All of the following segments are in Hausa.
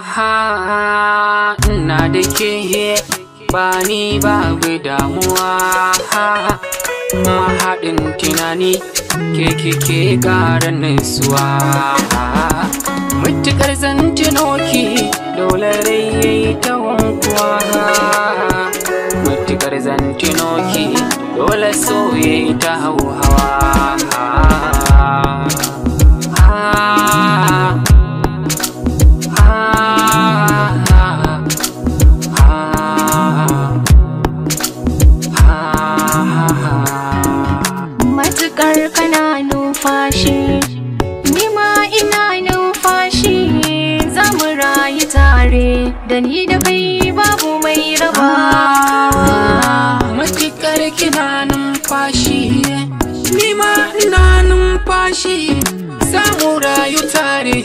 ha ina da ke ba ni ba babu damuwa ha haɗin tunani ke ke ke ƙara ha mutukar zan tunoki dole rai yi ta ha mutukar zan tunoki dole so ya yi ta hauhawa tare da ni da kai babu mai raba matukar kina numfashi ni ma ina numfashi samu rayu tare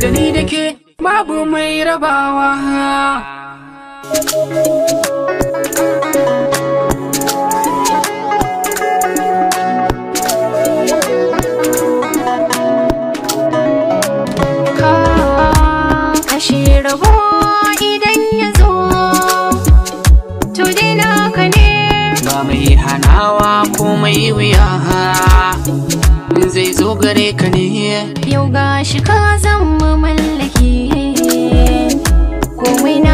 da ni da ke babu mai rabawa idan ya zo to dai naka ne ba mai hanawa ko mai wuya zai zo gare ka ne yau gashi ka zama mallaki komai na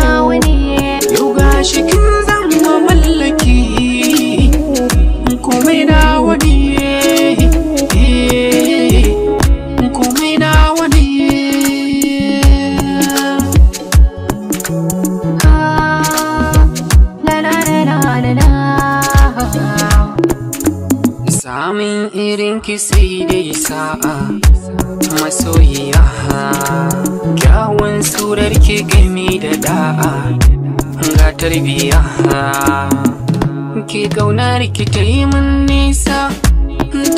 Komin irin kisi yi sa'a masoyiya Kyawun surar ki gami da da'a ga tarbiya Ki gauna ki ta yi min nisa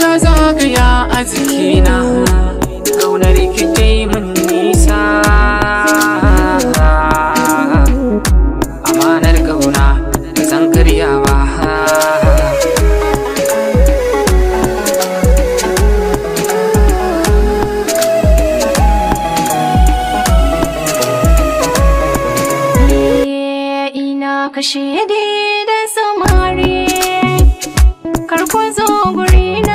ta zagaya a jikina Kaunar ki yi min nisa amanar kauna zan karyawa samare karko zo guri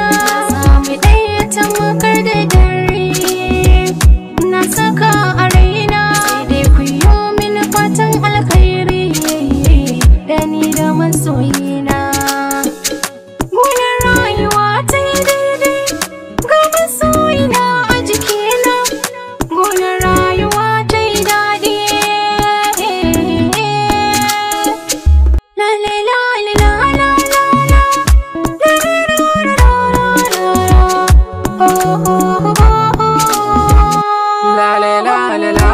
la la